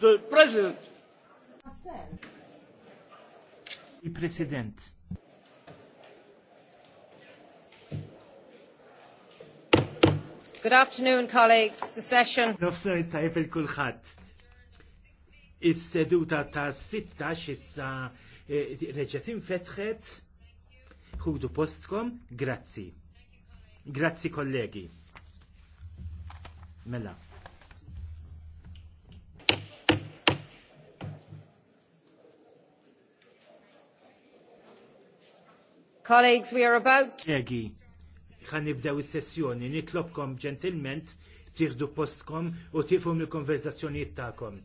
The President. Il-President. Good afternoon, colleagues. The session. Nofsar ta' il-kulħat. Is-seduta ta' 16 issa e, reġetin fetħet. Ħudu postkom, grazzi. Grazzi kollegi. Mela. Colleagues, we are about... Egi, ħan nibdew is-sessjoni, nitlobkom ġentilment tieħdu postkom u tifum il-konverzazzjonijiet tagħkom.